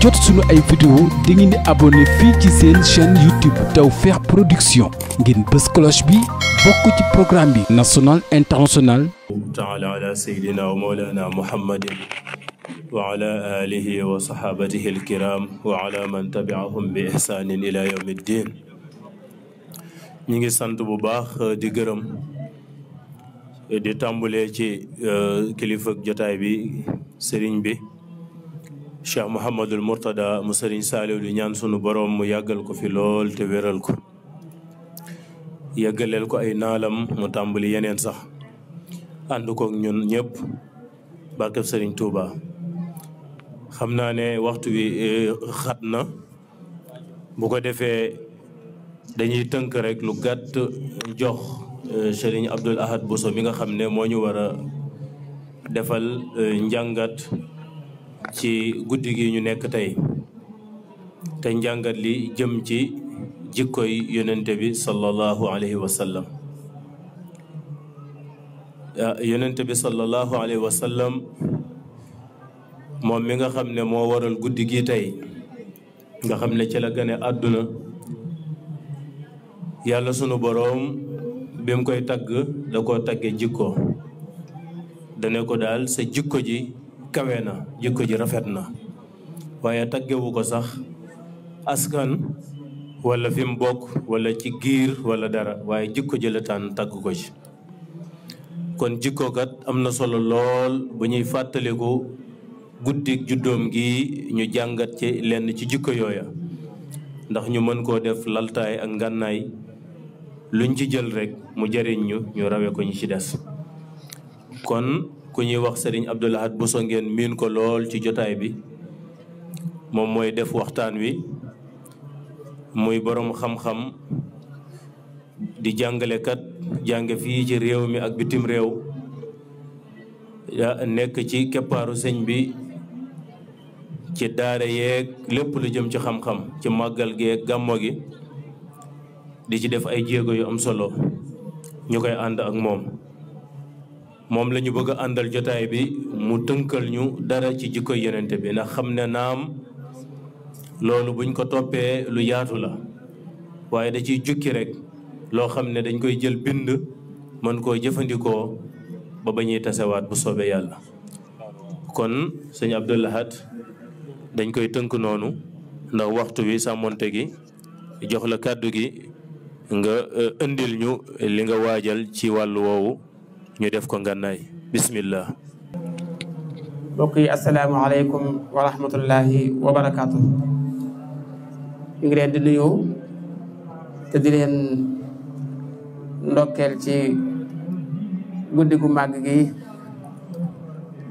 jot suñu ay vidéo da ngeen di fii ci seen chaîne YouTube Tawfekh Production ngeen bës cloche bi bokk ci programme bi national international taala ala wa mawlana muhammadin wa ala wa sahabatihi alkiram wa ala man tabi'ahum bi ihsanin ila yawmi ddin ñi ngi sant bu baax di gërëm di tàmbulee ci euh, kilifa jotaay bi sëriñ bi cheikh Mouhamadul Mourtada mu sëriñ Saaliw di ñaan sunu boroom mu yàggal ko fi lool te wéral ko yàggaleel ko ay naalam mu tàmbali yeneen sax ànd kook ñun ñëpp barkeb sëriñ Touba. xam naa ne waxtu wi e, xat na bu ko defee dañuy tënk rek lu gàtt jox e, sëriñ Abdul Ahad Bousso mi nga xam ne moo ñu war a defal e, njàngat ci guddi gi ñu nekk tey te njàngat li jëm ci jikkoy yonente bi sallallahu alayhi wa sallam ah, yonente bi sallallahu alayhi wa sallam moom mi nga xam ne moo waral guddi gi tey nga xam ne ci la gane àdduna yàlla sunu borom bi mu koy tagg da koo tagge jikko dane ko daal sa jikko ji kawe na jikko ji rafet na waaye taggewu ko sax askan wala fi bokk wala ci giir wala dara waaye jikko ji la ko ci kon jikkookat am na solo lool bu ñuy fàttaliku guddik juddoom gi ñu jàngat ci lenn ci jikko yooya ndax ñu mën koo def laltaay ak ngànnaay luñ ci jël rekk mu jariñ ñu ñu rawe ko ñu ci des kon ku ñuy wax sëriñ Abdou Lahad boso ngeen miin ko lool ci jotaay bi moom mooy def waxtaan wi muy boroom xam-xam di jàngalekat jànge fii ci réew mi ak bitim réew nekk ci keppaaru sëñ bi ci daara yeeg lépp lu jëm ci xam-xam ci màggal geeg gàmmo gi di ci def ay jéego yu am solo ñu koy ànd ak moom moom lañu bëgg a àndal jotaay bi mu tënkal ñu dara ci jikko yenente bi ndax xam ne naam loolu buñ ko toppee lu yaatu la waaye da ciy jukki rek loo xam ne dañ koy jël bind mën koo jëfandikoo ba ba tasewaat bu soobee yàlla kon sëñ Abdou dañ koy tënk noonu ndax waxtu wi sàmmonte gi jox la kàddu gi nga euh, indil ñu li nga waajal ci wàll woowu ñu def ko ngànnaay bismillah mbokk yi asalaamaaleykum wa rahmatullahi wa barakaatu. ñu ngi di nuyu te di leen ndokkeel ci guddi gu gi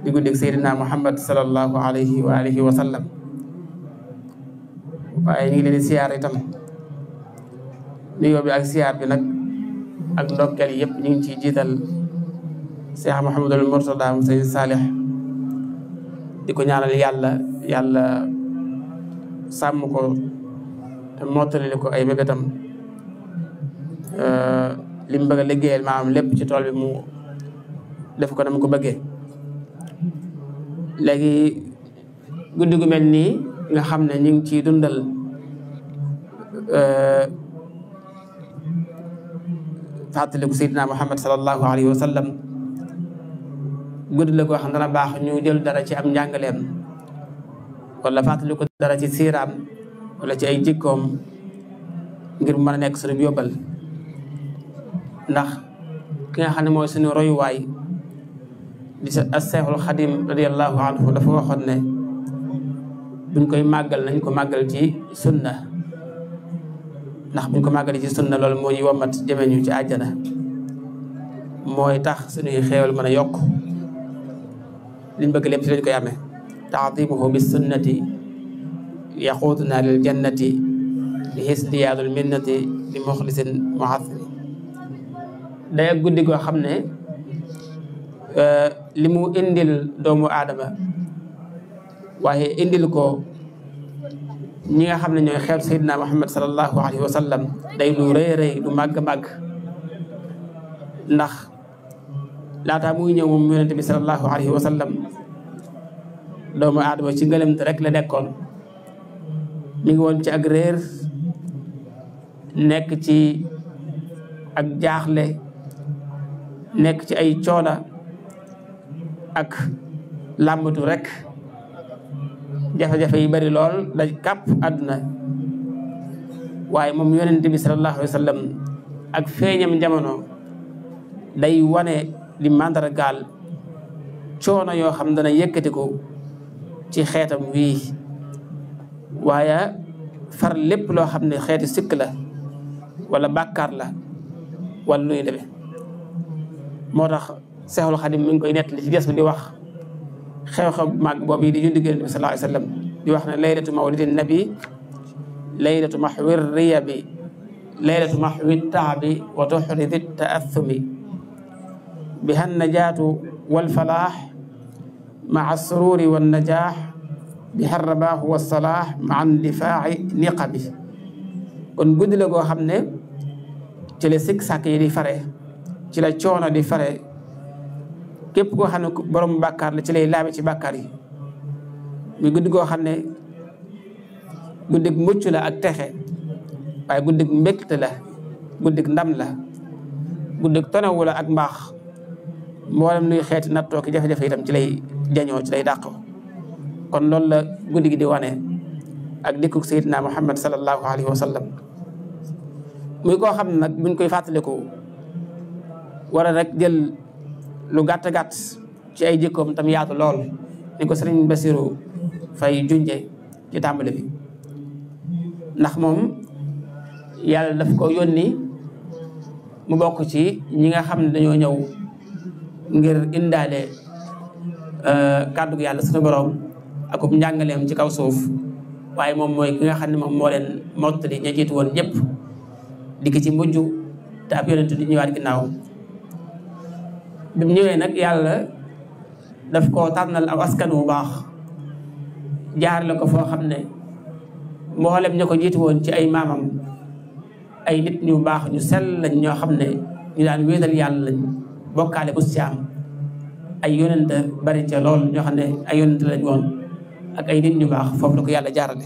di guddi Seydina Muhammad sallallahu alayhi wa alihi wa sallam waaye ñu leen di siyaar itam nuyoo bi ak siyaar bi nag ak ndokkeel yëpp ñu ngi ciy jiital. Cheikh Mouhamadul Mourtada mu Sëriñ Saalix di ko ñaanal yàlla yàlla sàmm ko te ko ay bëggatam li mu bëgg a liggéeyal maanaam lépp ci tool bi mu def ko dama ko bëggee léegi guddi mel nii nga xam ne ñu ngi ciy dundal euh, fàttaliku Seydina Muhammad sallallahu alayhi wa guddi la goo xam dana baax ñu jël dara ci am njàngaleem wala fàttali ko dara ci siiraam wala ci ay jikkoom ngir mën a nekk suñu yóbbal ndax ki nga xam ne mooy suñu royuwaay di sa dafa waxoon ne koy màggal nañ ko màggal ci sunna ndax buñ ko màggal ci sunna loolu moo ñuy womat jëmee ñu ci àjjana mooy tax suñuy xéewal mën a yokk liñ bëgg lépp si lañ koy amee taadimuhu bi sunnati yaxuutuna lil jannati li guddi goo xam ne euh, li indil doomu aadama waaye indil ko ñi nga xam ne ñooy xeet sayyidina Muhammad sallallahu alayhi wa day lu rëy lu màgg màgg ndax laataa muy ñëw moom yonente bi salallahu alayhi wa doomu aadama ci ngëlëmte rekk la nekkoon mu ngi woon ci ak réer nekk ci ak jaaxle nekk ci ay coona ak làmbatu rekk jafe-jafe bari lool daj kàpp àdduna waaye moom yonente bi salallahu alayhi ak feeñam jamono day wane li di màndargaal coono yoo xam dana yëkkati ko ci xeetam wii waaye far lépp loo xam ne xeeti sikk la wala bàkkaar la wala luy moo tax Seexul Xadim mi ngi koy li ci des bi di wax xew-xew mag boobu yi di ñu diggante bi sallallahu alayhi wa sallam di wax ne laylatu mawlidin nabi laylatu maxwi riya bi laylatu maxwi taabi wa tuxridi taathumi biha alnajaatu walfalaax maa alsururi wannajaax biha rabaaxu walsalaax maa andifaaci niqabi kon guddi la goo xam ne ci la sikk sàkk di fare ci la coono di fare képp koo xam ne borom bakaar la ci lay laabe ci bàkkaar yi muy guddi goo xam ne guddig mucc la ak texe waaye guddig mbégte la guddig ndam la guddig tonewu la ak mbaax mboolem luy xeeti nattoo ki jafe-jafe itam ci lay jañoo ci lay dàqoo kon loolu la guddi gi di wane ak dikkug Seydina Muhammad sallallahu alayhi wa sallam muy koo xam ne nag buñ koy fàttaliku wala rek jël lu gàtt gàtt ci ay jikkoom tam yaatu lool ni ko sëriñ Basiru Fay junje ci tàmbali bi ndax moom yàlla daf ko yónni mu bokk ci ñi nga xam ne dañoo ñëw ngir indaale euh, kàddu gu yàlla suñu borom ak ub njàngaleem ci kaw suuf waaye moom mooy ki nga xam ne moom moo leen mottali ña jiitu woon ñëpp di ci mujj te ab yonent di ñëwaat ñëwee nag yàlla daf koo tànnal aw askan wu baax jaar la foo xam ne mboolem ña ko jiitu woon ci ay maamam ay nit ñu baax ñu sell lañ ñoo xam ne ñu daan wéetal yàlla lañ bokkaale bu si am ay yonent bari ca lool ñoo xam ne ay yonent lañ woon ak ay nit ñu baax foofu la ko yàlla jaarale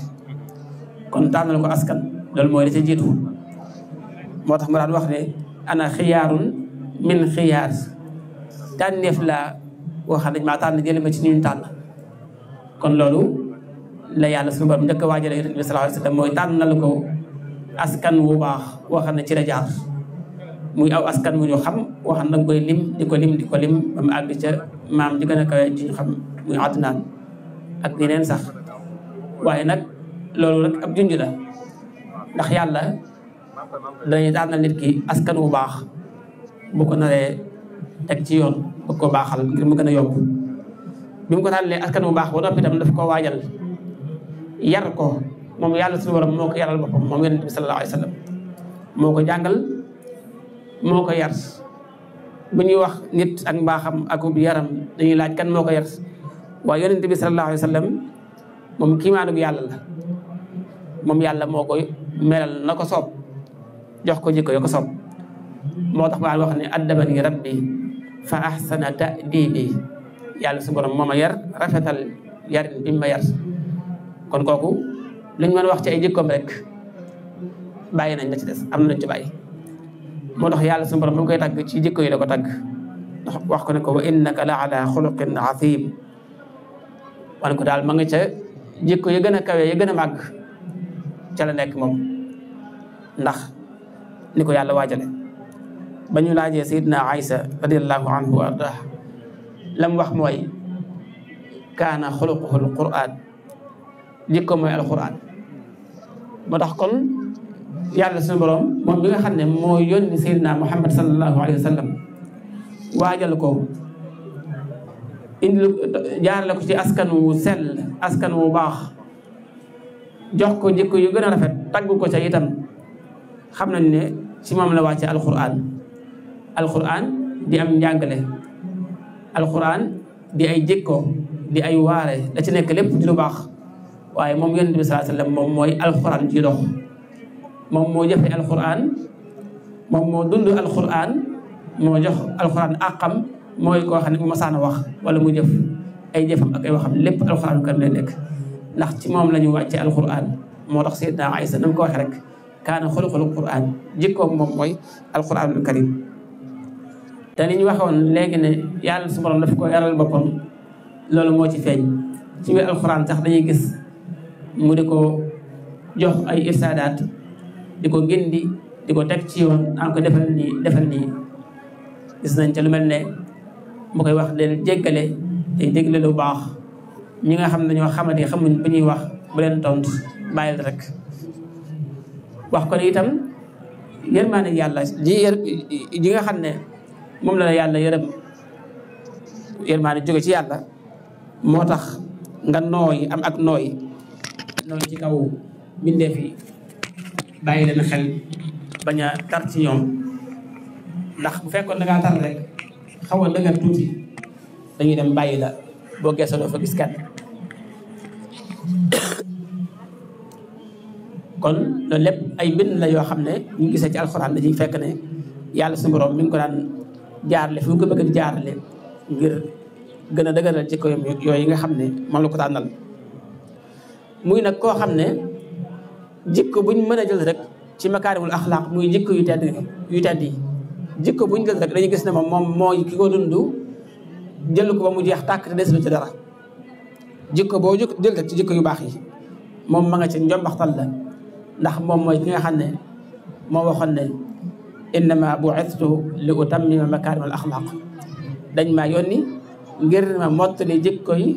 kon tànnal ko askan loolu mooy la ca moo tax mu daan wax ne ana xiyaarun min xiyaar tànneef laa woo dañ maa tànn jële ma ci ñu tànn kon loolu la yàlla suñu borom njëkk waajale yonent bi sallallahu alayhi wa sallam mooy ko askan wu baax woo xam ne ci la muy aw askan mu ñu xam waxam da nga koy lim di ko lim di ko lim ba mu àgg ca maam ji gën a kawe ci ñu xam muy Adnaan ak yeneen sax waaye nag loolu rek ab junj la ndax yàlla dañuy tànnal nit ki askan wu baax bu ko naree teg ci yoon bu ko baaxal ngir mu gën a yomb bi mu ko tànnalee askan wu baax ba noppi itam daf ko waajal yar ko yàlla suñu borom moo yaral boppam moom yonent bi sallallahu alayhi wa moo ko yar bu ñuy wax nit ak mbaaxam akub yaram dañuy laaj kan moo ko yar waaye yonente bi sallallahu alayhi wa sallam moom kiimaanug yàlla la moom yàlla moo koy melal na ko soob jox ko jikko yo ko soob moo tax ma wax ne addabani rabbi fa ahsana ta'dibi yàlla su borom a yar rafetal yarin bi ma yar kon kooku luñ mën wax ci ay jikkoom rek bàyyi nañ la ci des am na luñ ci bàyyi moo tax yàlla suñu borom koy tàgg ci jikko yi la ko tàgg wax ko ne ko wa innaka la ala xuluqin azim wan ko daal ma nga ca jikko ya gën a kawe ya gën a màgg ca la nekk moom ndax ni ko yàlla waajale ba ñu laajee sayidna Aysa radiallahu anhu wa ardah lam wax mooy kaana xuluquhu alquran jikko mooy alquran moo tax kon yàlla suñu borom moom mi nga xam ne moo yoon Seydina Muhammad sallallahu alayhi wa sallam waajal ko indi jaarale ko ci askan wu sell askan wu baax jox ko jikko yu gën a rafet tagg ko ca itam xam nañ ne ci moom la wàcce alquran alquran di am njàngale alquran di ay jikko di ay waare da ci nekk lépp di lu baax waaye moom yonent bi sallallahu moom mooy alquran ji dox moom moo jafe alquran moom moo dund alquran moo jox alquran am mooy koo xam ne masaan a wax wala mu jëf ay jëfam ak ay waxam lépp alquran kan lay nekk ndax ci moom la ñu wàcce alquran moo tax seydna Aysa na mu rek kaana xuluqul quran jikkoom moom mooy alquranul karim te ni ñu waxoon léegi ne yàlla su borom daf ko yaral boppam loolu moo ci feeñ ci biir alquran sax dañuy gis mu di ko jox ay irsaadaat di ko gindi di ko teg ci yoon an ko defal nii defal nii gis nañ ca lu mel ne mu koy wax del jéggale te jéggale lu baax ñi nga xam ne ñoo xamante xamuñ bu ñuy wax bu leen tontu bàyyil rek wax ko ne itam yërmaane yàlla ji ji nga xam ne moom la la yàlla yërëm yërmaane jóge ci yàlla moo tax nga nooy am ak nooy nooy ci kaw mbindeef yi bàyyi leen xel bañ a tar ndax bu fekkoon da ngaa tar rek xaw a da nga tuuti dañuy dem bàyyi la boo geesoo doo fa gis kon loolu lépp ay mbind la yoo xam ne ñu gisee ci alxuraan dañuy fekk ne yàlla suñu borom mi ngi ko daan jaarale fu mu bëgg jaar jaarale ngir gën a dëgëral ci ko yooyu yi nga xam ne ma la ko tànnal muy nag koo xam ne jikko buñ mën a jël rek ci makaarimul axlaaq muy jikko yu tedd yu tedd yi jikko buñ jël rek dañuy gis ne moom moom mooy ki ko dund jël ko ba mu jeex tàkk te desul ci dara jikko boo jël rek ci jikko yu baax yi moom ma nga ci njombaxtal la moom mooy ki nga xam ne moo waxoon ne innama bu'istu li utammima makaarimal axlaaq dañ maa yónni ngir ma mottali jikko yi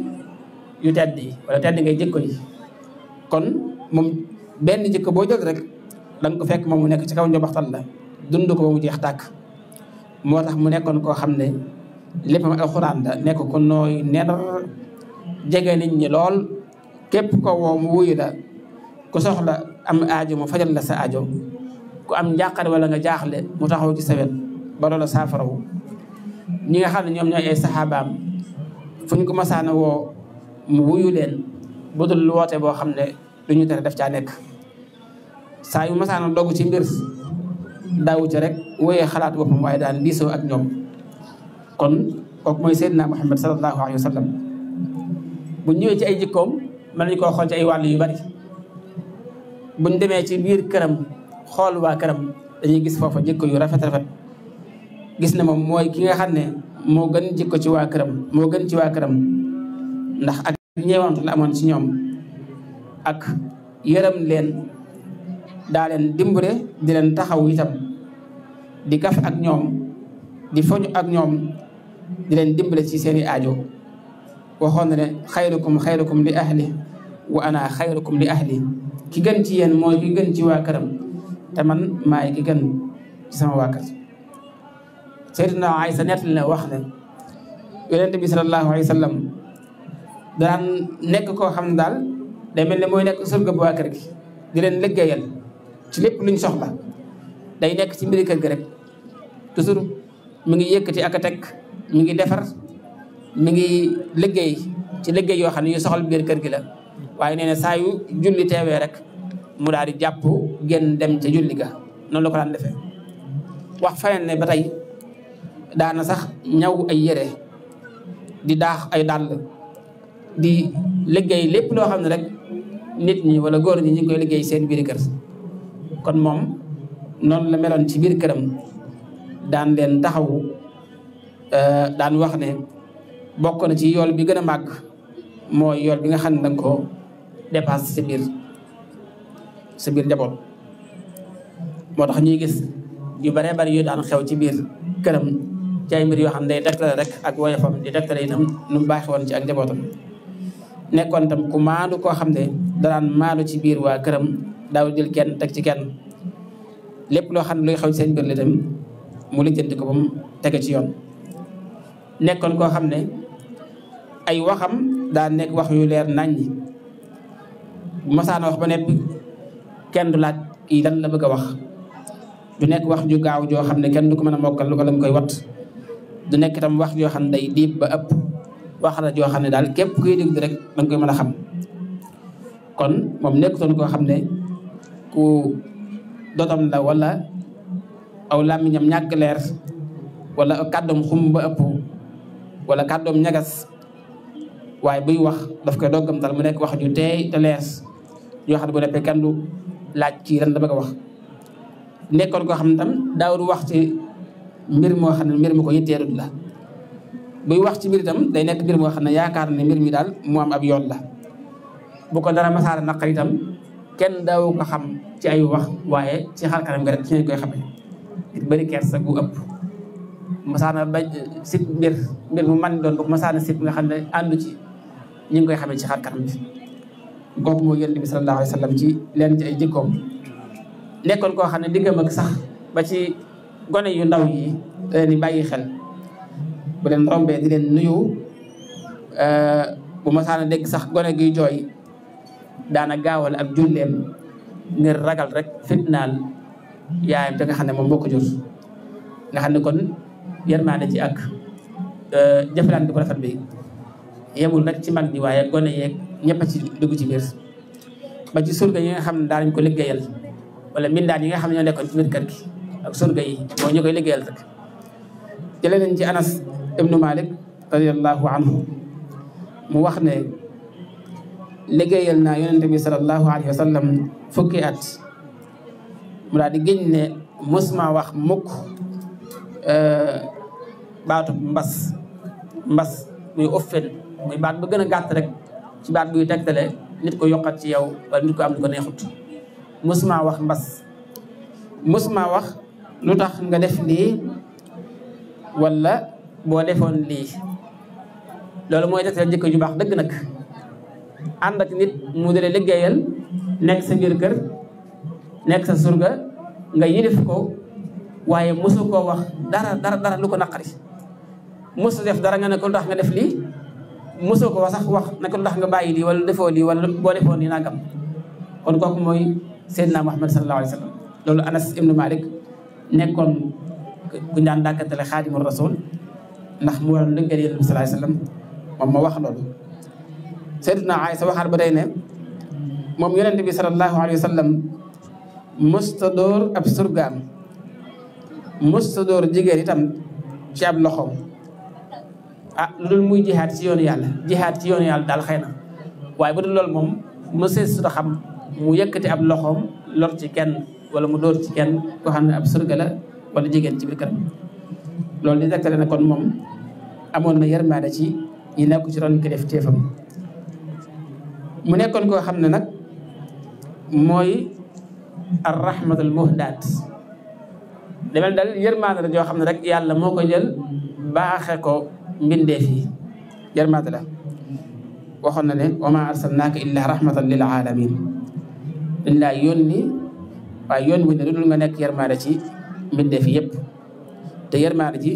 yu tedd yi wala tedd ngay jikko yi kon moom benn jikko boo jël rek da ko fekk moom mu nekk ci kaw njobaxtan la dund ko mu jeex tàkk moo tax mu nekkoon koo xam ne léppam alxuraan la nekk ko nooy nenar jege nit ñi lool képp ko woo mu wuyu ku soxla am aajo mu fajal la sa ajo ku am njàqare walla nga jaaxle mu taxaw ci sawet ba loola saafarawu ñi nga xam ne ñoom ñooy ay saxaabaam fu ñu ko masaana woo mu wuyu leen budul woote boo xam ne lu ñu tere daf caa nekk saa yu masaana dogg ci mbir daawu ca rek wooyee xalaat boppam waaye daan diisoo ak ñoom kon kooku mooy Seydina Muhammad sallallahu alayhi wa sallam bu ñëwee ci ay jikkoom mën nañu koo xool wàll yu bari buñ demee ci biir këram xool waa këram dañuy gis foofu jikko yu rafet rafet gis ne moom mooy ki nga xam ne moo gën jikko ci waa këram moo gën ci waa këram ndax ak ñeewantu la amoon ci ñoom ak yërëm leen daa leen dimbale di leen taxaw itam di kaf ak ñoom di foñu ak ñoom di leen dimbale ci seeni aajo waxoon na ne xayrukum xayrukum li ahli wa ana xayrukum li ahli ki gën ci yéen mooy ki gën ci waa këram te man maay ki gën ci sama waa kër Seydina Aysa nettali na wax ne yonent bi sallallahu alayhi wa daan nekk koo xam daal day mel ne mooy nekk surga bu waa kër gi di leen liggéeyal ci lépp luñ soxla day nekk ci mbiri kër gi rek toujours mi ngi yëkkati ak a teg mi ngi defar mu ngi liggéey ci liggéey yoo xam ne yu soxla biir kër gi la waaye nee na saa yu julli teewee rek mu daal di jàpp génn dem ca julli ga noonu la ko wax feneen ne ba tey daana sax ñaw ay yére di daax ay dàll di liggéey lépp loo xam ne rek nit ñi wala góor ñi ñu ngi koy liggéey seen biir kon moom noonu la meloon ci biir këram daan leen taxawu euh, daan wax ne bokk na ci yool bi gën a màgg mooy yool bi nga xam ne danga ko dépassé sa biir sa moo tax ñuy gis yu baree bari yu daan xew ci biir këram ci ay mbir yoo xam ne day tegtale rek ak woyofam di tegtale itam nu mu baaxee ci ak njabootam nekkoon tam ku maandu koo xam ne danaan maandu ci biir waa këram daaw jël kenn teg ci kenn lépp loo xam ne luy xew seen biir la dem mu lijjanti ko ba mu tege ci yoon nekkoon koo xam ne ay waxam daa nekk wax yu leer naññi masaana wax ba nepp kenn du laaj kii lan la bëgg wax du nekk wax ju gaaw joo xam ne kenn du ko mën a mokkal lu ko lañ koy wat du nekk tam wax joo xam ne day diib ba ëpp waxala joo xam ne daal képp kuy déglu rek da nga koy mën a xam kon moom nekkutoon koo xam ne ku dotam la wala aw làmmiñam ñàkk leer wala kàddoom xum ba ëpp wala kàddoom ñagas waaye buy wax daf koy doggamtal mu nekk wax ju teey te leer yoo xam ne bu nekkee kenn laaj ci ren la bëgg a wax nekkoon koo xam ne tam daawul wax ci mbir moo xam ne mbir mu ko yitteerut la buy wax ci mbir itam day nekk mbir moo xam ne yaakaar ne mbir mi daal mu am yoon la bu ko dara masaara naqar itam kenn daawu ko xam ci ay wax waaye ci xar kanam nga rek ci lañ koy xamee it bëri masaana ba sit mbir mbir mu man masaana sit nga xam ne ci ñu ngi koy xamee ci xar kanam bi kooku moo yonent bi sallallahu wa sallam ci leen ci ay jikkoom nekkoon koo xam ne diggam ak sax ba ci gone yu ndaw yi leen di bàyyi xel bu leen rombee di leen nuyu euh, bu ma a dégg sax gone gi jooy daana gaawal ak julleem ngir ragal rek fitnaal yaayam te nga xam ne moom moo ko jur nga xam ne kon yërmaande ci ak euh, jëflante bu rafet bi yemul nag ci mag ñi waaye gone yeeg ñëpp a ci dugg ci biir ba ci surga yi nga xam ne daanañ ko liggéeyal wala mbindaan yi nga xam ne ñoo nekkoon ci kër gi ak surga yi moo ñu koy liggéeyal anas ibnu malik radiallahu anhu mu wax ne liggéeyal naa yonente bi salallahu alayhi wa sallam fukki at mu daal di géñ ne wax mukk eh, baatu mbas mbas muy uffin muy baat bu gën a gàtt rek ci baat buy tegtale nit ko yokkat ci yow wala nit ko am lu ko neexut mosuma wax mbas mosuma wax lu tax nga def lii wala boo defoon lii loolu mooy tegtal jikko ju baax dëgg nag ànd ak nit mu dale liggéeyal nekk sa biir kër nekk sa surga nga yilif ko waaye mosu koo wax dara dara dara lu ko naqari mosu def dara nga ne ko lu tax nga def lii mosoo ko wax sax wax ne ko lu tax nga bàyyi lii wala defoo lii wala boo defoon lii nangam kon kooku mooy naa Muhammad sallallahu alayhi wa sallam loolu Anas ibnu Malik nekkoon ku ñu daan dàkkantale Xaadimu Rasul ndax mu waroon lëggee yonent bi wa sallam moom moo wax loolu. Sayyidina Aysa waxaat moom yonent bi sallallahu alayhi wa sallam mësta dóor ab surgaam mësta dóor ah, muy jihaat ci yoonu yàlla jihaat ci yoonu yàlla daal xëy na waaye bu dul moom mësee su xam mu yëkkati ab loxoom lor ci kenn wala mu dóor ci kenn koo xam ne ab wala jigéen ci biir loolu di tegtale ne kon moom amoon na yërmaande ci yi nekk ci ron kilif téefam mu nekkoon koo xam ne nag mooy ar rahmatul muhdaat demel dal yërmaande la joo xam ne rek yàlla moo ko jël baaxe ko mbindeef yi yërmaande la waxoon na ne wa maa arsalnaaka illaa rahmatan lil aalamin dañ laa yónni waaye yoon wi ne lu dul nga nekk yërmaande ci mbindeef yi yëpp te yërmaande ji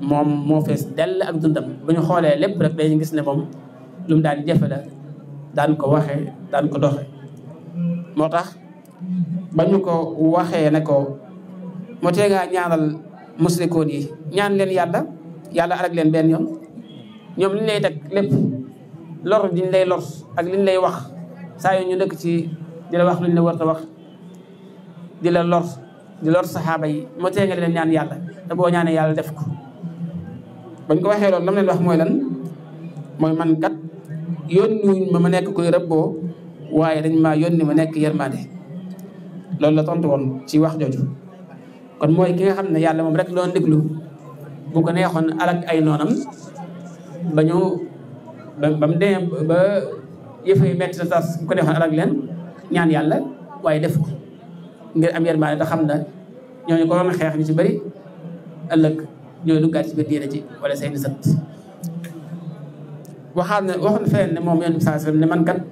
moom moo fees dell ak dundam bu ñu xoolee lépp rek dañu gis ne moom lu mu daan jëfe la daan ko waxe daan ko doxe moo tax ba ñu ko waxee ne ko moo tee ngaa ñaanal musrikoon yi ñaan leen yàlla yàlla alag leen benn yoon ñoom li lay teg lépp lor diñ lay lor ak liñ lay wax saa yu ñu dëkk ci di wax luñ la war wax di la lor di lor saxaaba yi moo tee leen ñaan yàlla te boo ñaanee yàlla def ko bañ ko waxee loolu lam leen wax mooy lan mooy man kat yónniwuñ ma ma nekk kuy rëbboo waaye dañ ma maa yónni ma nekk yërmande loolu la tontu woon ci wax jooju kon mooy ki nga xam ne yàlla moom rek doon déglu bu ko neexoon alak ay noonam ba ñu ba mu demee ba yëf yi metti na leen ñaan yàlla waaye def ko ngir am yërmande te xam na ñooñu ko doon xeex ñu ci bëri ëllëg ñooy lu gàtt ci biir diine ji wala seeni sët waxaat ne waxoon ne moom yonent bi saa ne man kat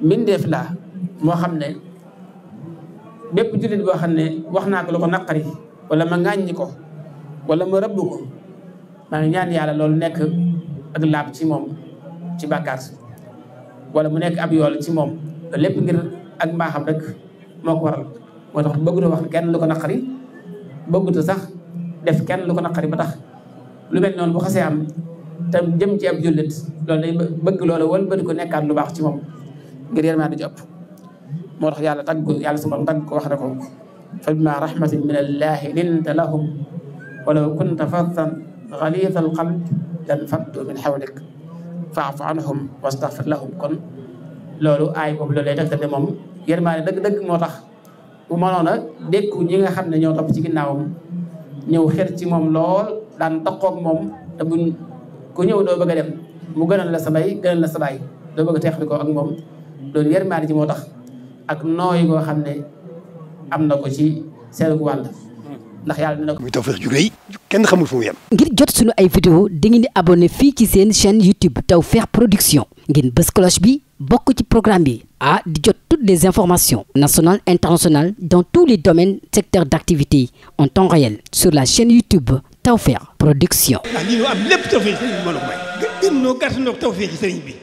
mbindeef laa moo xam ne bépp jullit boo xam ne wax naa ko lu ko naqari wala ma ŋàññi ko wala ma rëbb ko maa ngi ñaan yàlla lool nekk ak laab ci moom ci bàkkaar wala mu nekk ab yool ci moom loolu lépp ngir ak mbaaxam rek moo ko waral moo bëgguta wax kenn lu ko naqari bëgguta sax def kenn lu ko naqari ba tax lu mel noonu bu xasee am te jëm ci ab jullit loolu day bëgg loola wal bëri ko nekkaat lu baax ci moom ngir yërmaa di jàpp moo tax yàlla tagg yàlla subam tagg ko wax ne ko fa bima rahmatin min allahi linta lahum walaw kunta faddan xalita alqalb lan faddu min xawlik faafu anhum wastaxfir lahum kon loolu aay boobu loolu lay tegtal ne moom yërmaa dëgg-dëgg moo tax bu mënoon a dékku ñi nga xam ne ñoo topp ci ginnaawam ñëw xer ci moom lool daan taqoog moom te buñ ku ñëw doo bëgg a dem mu gënal la sa bay gënal la sa baay doo bëgg a teexlikoo ak moom loolu yërmaande ji moo tax ak noy goo xam ne am na ko ci seen wàll ndax yàlla na ko. muy Tawfekh ju rëy kenn xamul fu mu ngir jot suñu ay vidéo dangeen di abonné fii ci seen chaine YouTube Tawfekh Production ngeen bës cloche bi. bokk ci programme bi ah di jot toutes les informations nationales internationales dans tous les domaines secteurs d'activité en temps réel sur la chaîne YouTube Tawfekh Production. ah lii am lépp tawfeex sëriñ bi bi.